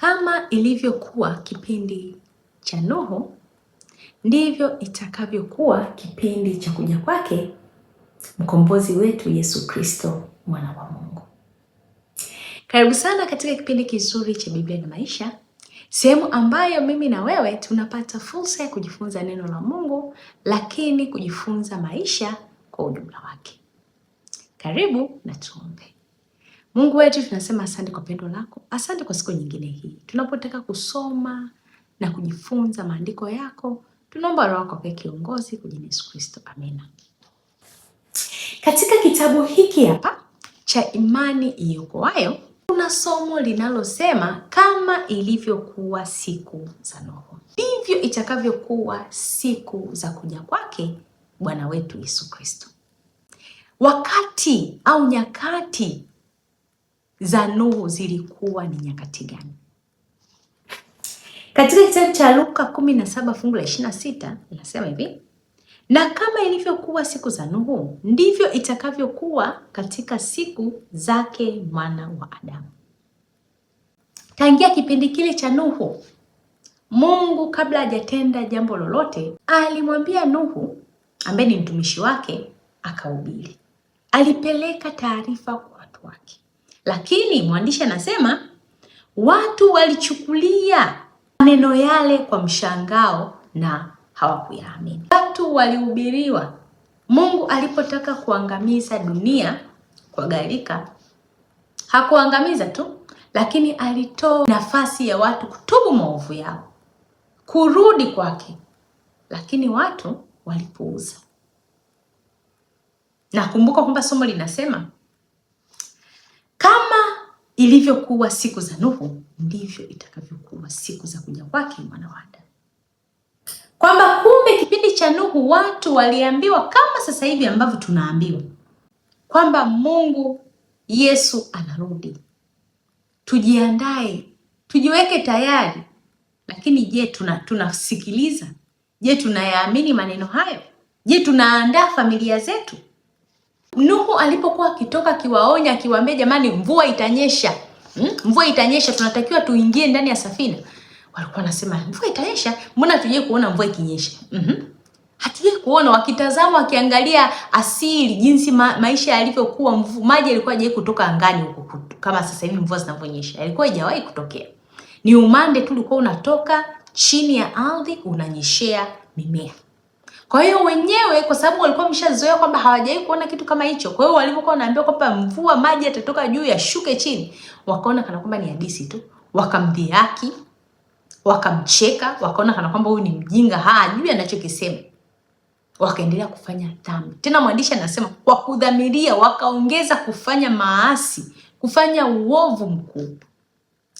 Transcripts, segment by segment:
Kama ilivyokuwa kipindi cha Nuhu, ndivyo itakavyokuwa kipindi cha kuja kwake mkombozi wetu Yesu Kristo mwana wa Mungu. Karibu sana katika kipindi kizuri cha Biblia na Maisha, sehemu ambayo mimi na wewe tunapata fursa ya kujifunza neno la Mungu, lakini kujifunza maisha kwa ujumla wake. Karibu na tuombe. Mungu wetu tunasema asante kwa pendo lako, asante kwa siku nyingine hii. Tunapotaka kusoma na kujifunza maandiko yako, tunaomba Roho yako pekee kiongozi kwa jina Yesu Kristo. Amina. Katika kitabu hiki hapa cha imani iokoayo kuna somo linalosema kama ilivyokuwa siku za Nuhu, ndivyo itakavyokuwa siku za kuja kwake Bwana wetu Yesu Kristo. Wakati au nyakati za Nuhu zilikuwa ni nyakati gani? Katika kitabu cha Luka 17 fungu la 26 inasema hivi, na kama ilivyokuwa siku za Nuhu ndivyo itakavyokuwa katika siku zake mwana wa Adamu. Tangia kipindi kile cha Nuhu, Mungu kabla hajatenda jambo lolote, alimwambia Nuhu ambaye ni mtumishi wake akahubiri, alipeleka taarifa kwa watu wake lakini mwandishi anasema watu walichukulia maneno yale kwa mshangao na hawakuyaamini. Watu walihubiriwa Mungu alipotaka kuangamiza dunia kwa gharika, hakuangamiza tu, lakini alitoa nafasi ya watu kutubu maovu yao, kurudi kwake, lakini watu walipuuza. Nakumbuka kwamba somo linasema kama ilivyokuwa siku za Nuhu, ndivyo itakavyokuwa siku za kuja kwake mwana wa Adamu, kwamba kumbe kipindi cha Nuhu watu waliambiwa kama sasa hivi ambavyo tunaambiwa kwamba Mungu Yesu anarudi. Tujiandae, tujiweke tayari. Lakini je, tuna tunasikiliza? Je, tunayaamini maneno hayo? Je, tunaandaa familia zetu? Nuhu alipokuwa akitoka akiwaonya, akiwaambia jamani, mvua itanyesha hmm? mvua itanyesha, tunatakiwa tuingie ndani ya safina, walikuwa wanasema mvua itanyesha, mbona hatujai kuona mvua ikinyesha? mm -hmm. Hatujai kuona, wakitazama wakiangalia asili jinsi ma maisha yalivyokuwa, maji yalikuwa hajawahi kutoka angani huko kama sasa hivi mvua zinavyonyesha, yalikuwa haijawahi kutokea. Ni umande tu ulikuwa unatoka chini ya ardhi unanyeshea mimea. Kwa hiyo wenyewe kwa sababu walikuwa wameshazoea kwamba hawajawahi kuona kitu kama hicho. Kwa hiyo walipokuwa wanaambiwa kwamba mvua maji yatatoka juu yashuke chini, wakaona kana kwamba ni hadithi tu. Wakamdhihaki, wakamcheka, wakaona kana kwamba huyu ni mjinga, hajui anachokisema. Wakaendelea kufanya dhambi. Tena mwandishi anasema kwa kudhamiria wakaongeza kufanya maasi, kufanya uovu mkubwa.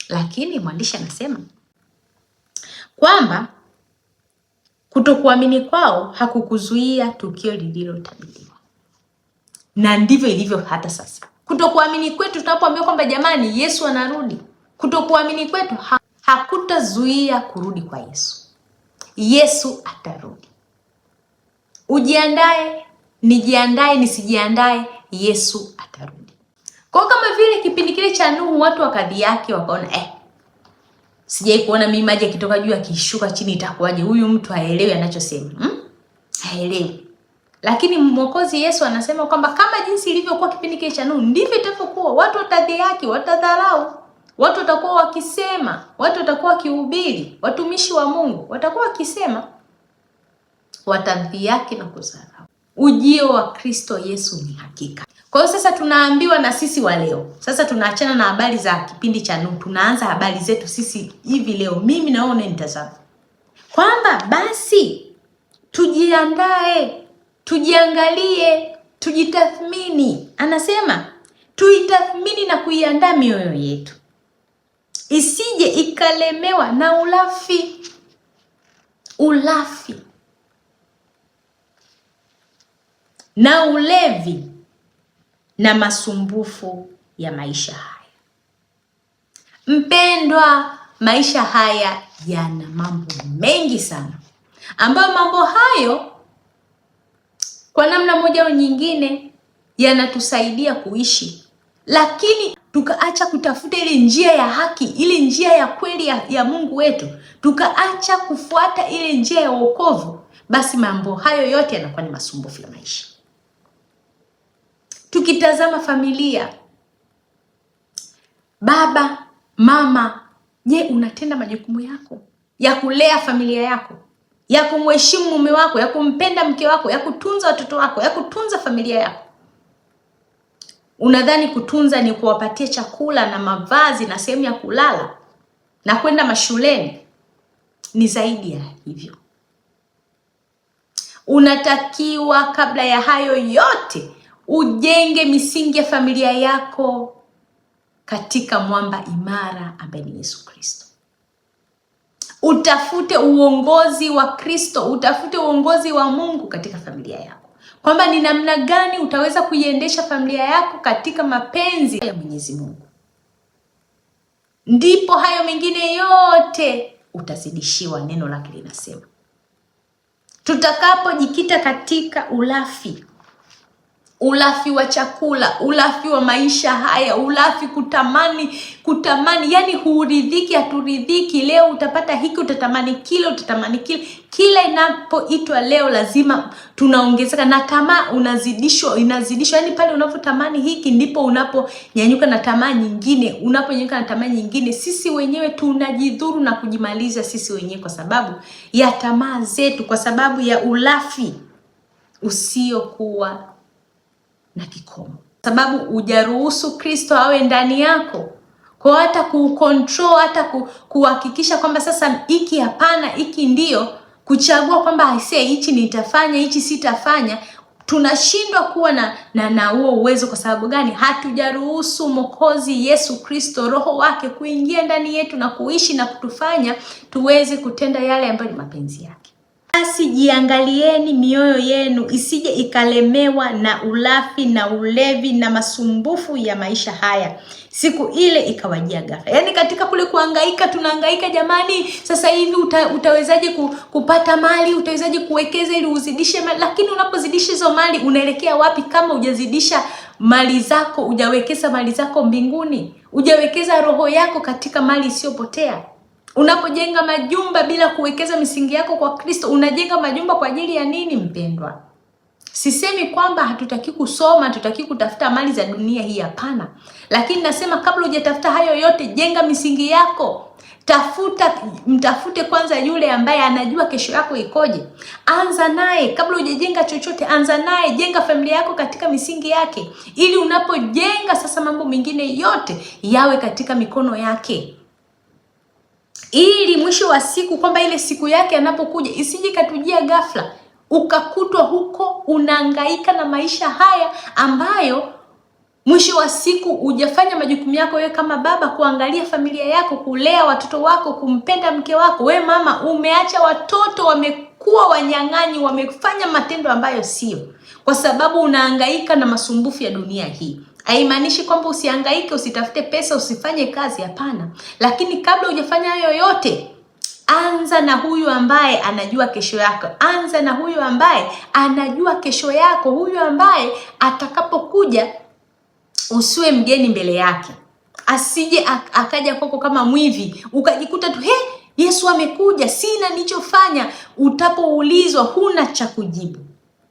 Lakini mwandishi anasema kwamba Kutokuamini kwao hakukuzuia tukio lililotabiriwa, na ndivyo ilivyo hata sasa. Kutokuamini kwetu tunapoambiwa kwamba jamani, Yesu anarudi, kutokuamini kwetu ha hakutazuia kurudi kwa Yesu. Yesu atarudi. Ujiandae, nijiandae, nisijiandae, Yesu atarudi. Kwa kama vile kipindi kile cha Nuhu, watu wa kadhi yake wakaona eh Sijai kuona mimi maji yakitoka juu akishuka chini itakuwaje? Huyu mtu haelewi anachosema. Hmm? Haelewi. Lakini Mwokozi Yesu anasema kwamba kama jinsi ilivyokuwa kipindi kile cha Nuhu ndivyo itavyokuwa. Watu watadhihaki, watadharau. Watu watakuwa wakisema, watu watakuwa wakihubiri, watumishi wa Mungu watakuwa wakisema, watadhihaki na kudharau ujio wa Kristo Yesu ni hakika. Kwa hiyo sasa tunaambiwa na sisi wa leo. Sasa tunaachana na habari za kipindi cha Nuhu, tunaanza habari zetu sisi hivi leo, mimi na wewe unanitazama, kwamba basi tujiandae, tujiangalie, tujitathmini. Anasema tuitathmini na kuiandaa mioyo yetu isije ikalemewa na ulafi. Ulafi na ulevi na masumbufu ya maisha haya. Mpendwa, maisha haya yana mambo mengi sana, ambayo mambo hayo kwa namna moja au nyingine yanatusaidia kuishi, lakini tukaacha kutafuta ile njia ya haki, ile njia ya kweli ya, ya Mungu wetu, tukaacha kufuata ile njia ya wokovu, basi mambo hayo yote yanakuwa ni masumbufu ya maisha. Tukitazama familia, baba, mama, je, unatenda majukumu yako ya kulea familia yako, ya kumheshimu mume wako, ya kumpenda mke wako, ya kutunza watoto wako, ya kutunza familia yako? Unadhani kutunza ni kuwapatia chakula na mavazi na sehemu ya kulala na kwenda mashuleni? Ni zaidi ya hivyo. Unatakiwa kabla ya hayo yote Ujenge misingi ya familia yako katika mwamba imara ambaye ni Yesu Kristo. Utafute uongozi wa Kristo, utafute uongozi wa Mungu katika familia yako, kwamba ni namna gani utaweza kuiendesha familia yako katika mapenzi ya Mwenyezi Mungu, ndipo hayo mengine yote utazidishiwa. Neno lake linasema tutakapojikita katika ulafi Ulafi wa chakula, ulafi wa maisha haya, ulafi kutamani, kutamani, yani huridhiki, haturidhiki. Leo utapata hiki, utatamani kile, utatamani kile. Kila inapoitwa leo lazima tunaongezeka, na tamaa unazidishwa, inazidishwa. Yani pale unapotamani hiki ndipo unaponyanyuka na tamaa nyingine, unaponyanyuka na tamaa nyingine. Sisi wenyewe tunajidhuru na kujimaliza sisi wenyewe kwa sababu ya tamaa zetu, kwa sababu ya ulafi usiokuwa na kikomo, sababu hujaruhusu Kristo awe ndani yako kwa hata kucontrol hata kuhakikisha kwamba sasa hiki hapana, hiki ndio kuchagua kwamba aisee, hichi nitafanya, hichi sitafanya. Tunashindwa kuwa na na na huo uwezo. Kwa sababu gani? Hatujaruhusu Mwokozi Yesu Kristo, Roho wake kuingia ndani yetu na kuishi na kutufanya tuweze kutenda yale ambayo ni mapenzi yake. Basi jiangalieni mioyo yenu isije ikalemewa na ulafi na ulevi na masumbufu ya maisha haya, siku ile ikawajia ghafla. Yaani katika kule kuangaika tunahangaika jamani, sasa hivi uta, utawezaje kupata mali, utawezaje kuwekeza ili uzidishe mali? Lakini unapozidisha hizo mali unaelekea wapi kama hujazidisha mali zako, hujawekeza mali zako mbinguni, hujawekeza roho yako katika mali isiyopotea? Unapojenga majumba bila kuwekeza misingi yako kwa Kristo, unajenga majumba kwa ajili ya nini mpendwa? Sisemi kwamba hatutaki kusoma, hatutaki kutafuta mali za dunia hii, hapana. Lakini nasema kabla hujatafuta hayo yote, jenga misingi yako. Tafuta, mtafute kwanza yule ambaye anajua kesho yako ikoje. Anza naye kabla hujajenga chochote, anza naye. Jenga familia yako katika misingi yake, ili unapojenga sasa, mambo mengine yote yawe katika mikono yake ili mwisho wa siku kwamba ile siku yake anapokuja isije katujia ghafla ukakutwa huko unaangaika na maisha haya ambayo mwisho wa siku hujafanya majukumu yako wewe kama baba, kuangalia familia yako, kulea watoto wako, kumpenda mke wako. Wewe mama, umeacha watoto wamekuwa wanyang'anyi, wamefanya matendo ambayo sio, kwa sababu unaangaika na masumbufu ya dunia hii. Haimaanishi kwamba usihangaike, usitafute pesa, usifanye kazi, hapana. Lakini kabla hujafanya hayo yote, anza na huyu ambaye anajua kesho yako, anza na huyu ambaye anajua kesho yako, huyu ambaye atakapokuja usiwe mgeni mbele yake, asije akaja kwako kama mwivi, ukajikuta tu he, Yesu amekuja, sina nilichofanya. Utapoulizwa huna cha kujibu.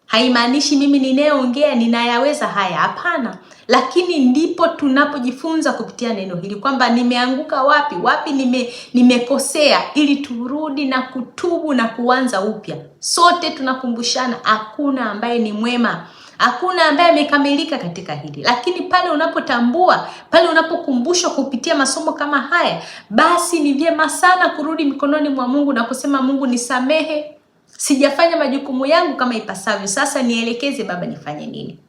Haimaanishi mimi ninayeongea ninayaweza haya, hapana. Lakini ndipo tunapojifunza kupitia neno hili kwamba nimeanguka wapi, wapi nime nimekosea, ili turudi na kutubu na kuanza upya. Sote tunakumbushana, hakuna ambaye ni mwema, hakuna ambaye amekamilika katika hili. Lakini pale unapotambua, pale unapokumbushwa kupitia masomo kama haya, basi ni vyema sana kurudi mikononi mwa Mungu na kusema Mungu, nisamehe sijafanya majukumu yangu kama ipasavyo, sasa nielekeze Baba nifanye nini?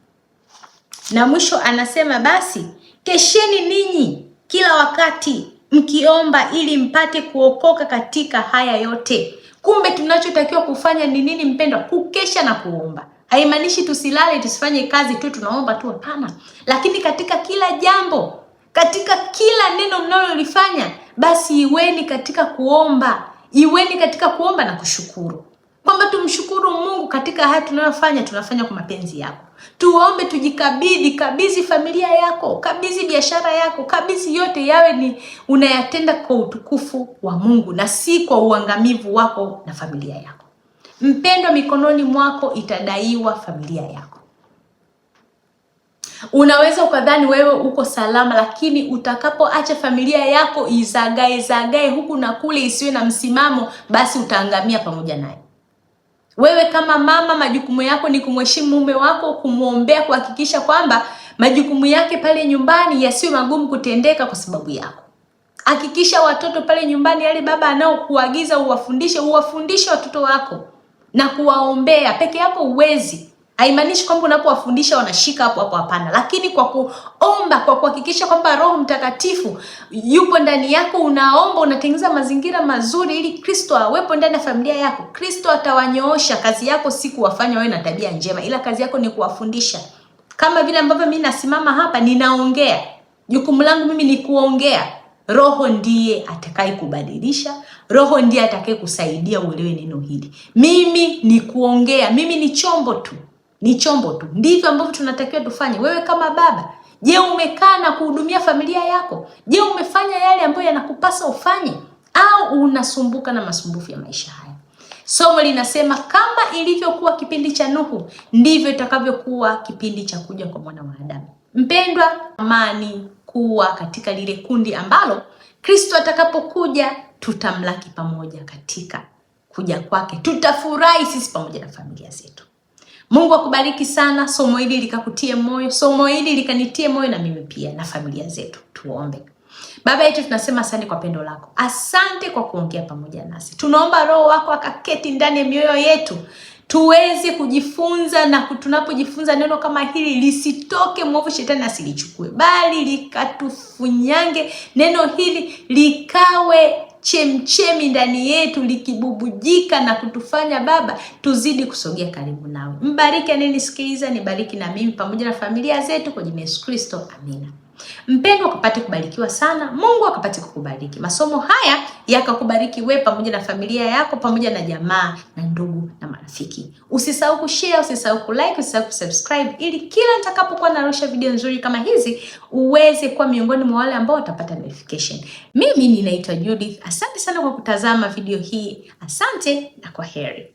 Na mwisho anasema basi, kesheni ninyi kila wakati mkiomba, ili mpate kuokoka katika haya yote. Kumbe tunachotakiwa kufanya ni nini, mpendwa? Kukesha na kuomba. Haimaanishi tusilale tusifanye kazi tu tunaomba tu, hapana. Lakini katika kila jambo, katika kila neno mnalolifanya, basi iweni katika kuomba, iweni katika kuomba na kushukuru kwamba tumshukuru Mungu katika haya tunayofanya, tunafanya kwa mapenzi yako. Tuombe, tujikabidhi, kabidhi familia yako, kabidhi biashara yako, kabidhi yote, yawe ni unayatenda kwa utukufu wa Mungu na si kwa uangamivu wako na familia yako. Mpendwa, mikononi mwako itadaiwa familia yako. Unaweza ukadhani wewe uko salama, lakini utakapoacha familia yako izagae zagae huku na kule, isiwe na msimamo, basi utaangamia pamoja naye. Wewe kama mama, majukumu yako ni kumheshimu mume wako, kumwombea, kuhakikisha kwamba majukumu yake pale nyumbani yasiyo magumu kutendeka kwa sababu yako. Hakikisha watoto pale nyumbani, yale baba anaokuagiza uwafundishe, uwafundishe watoto wako na kuwaombea. Peke yako huwezi. Haimaanishi kwamba unapowafundisha wanashika hapo hapo, hapana, lakini kwa kuomba, kwa kuhakikisha kwamba Roho Mtakatifu yupo ndani yako, unaomba, unatengeneza mazingira mazuri ili Kristo awepo ndani ya familia yako. Kristo atawanyoosha. Kazi yako si kuwafanya wawe na tabia njema, ila kazi yako ni kuwafundisha. Kama vile ambavyo mimi nasimama hapa ninaongea, jukumu langu mimi ni kuongea. Roho ndiye atakaye kubadilisha, Roho ndiye atakaye kusaidia uelewe neno hili. Mimi ni kuongea, mimi ni chombo tu ni chombo tu. Ndivyo ambavyo tunatakiwa tufanye. Wewe kama baba, je, umekaa na kuhudumia familia yako? Je, umefanya yale ambayo yanakupasa ufanye, au unasumbuka na masumbufu ya maisha haya? Somo linasema kama ilivyokuwa kipindi cha Nuhu, ndivyo itakavyokuwa kipindi cha kuja kwa mwana wa Adamu. Mpendwa, amani kuwa katika lile kundi ambalo Kristo atakapokuja tutamlaki pamoja katika kuja kwake, tutafurahi sisi pamoja na familia zetu. Mungu akubariki sana, somo hili likakutie moyo, somo hili likanitie moyo na mimi pia na familia zetu. Tuombe. Baba yetu, tunasema asante kwa pendo lako, asante kwa kuongea pamoja nasi. Tunaomba Roho wako akaketi ndani ya mioyo yetu tuweze kujifunza na tunapojifunza neno kama hili lisitoke mwovu shetani asilichukue, bali likatufunyange neno hili likawe chemchemi ndani yetu likibubujika na kutufanya Baba tuzidi kusogea karibu nawe. Mbariki anaenisikiliza, nibariki na mimi pamoja na familia zetu kwa jina Yesu Kristo, amina. Mpendwa, akapate kubarikiwa sana, Mungu akapate kukubariki, masomo haya yakakubariki wewe pamoja na familia yako pamoja na jamaa na ndugu na marafiki. Usisahau kushare, usisahau kulike, usisahau kusubscribe ili kila nitakapokuwa narusha video nzuri kama hizi uweze kuwa miongoni mwa wale ambao watapata notification. Mimi ninaitwa Judith, asante sana kwa kutazama video hii. Asante na kwa heri.